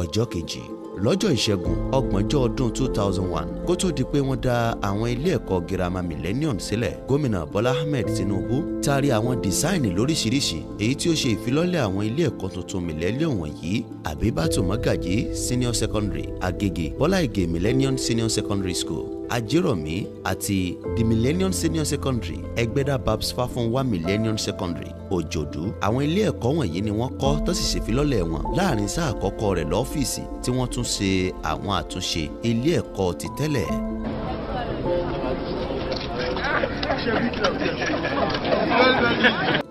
ọjọ́ kejì lọ́jọ́ ìṣẹ́gun ọgbọ̀njọ́ ọdún 2001 kó tó di pé wọ́n dá àwọn ilé ẹ̀kọ́ girama millennium sílẹ̀ gómìnà bọ́lá ahmed tinubu taari àwọn dísáìnì lóríṣiríṣi èyí tí ó ṣe ìfilọ́lẹ̀ àwọn ilé ẹ̀kọ́ tuntun millennium wọ̀nyí àbíbátò magaji senior secondary agege bọ́lá ìgè millennium senior secondary school ajérọ̀mí àti the millennium senior secondary ẹgbẹ́dá babs one millennium secondary òjòdú àwọn ilé ẹ̀kọ́ wọ̀nyí ni wọ́n kọ́ tó sì ṣèfilọ́lẹ̀ wọn láàrin sáà àkọ́kọ́ rẹ̀ lọ́fíìsì tí wọ́n tún ṣe àwọn àtúnṣe ilé ẹ̀kọ́ ti tẹ́lẹ̀. Thank you.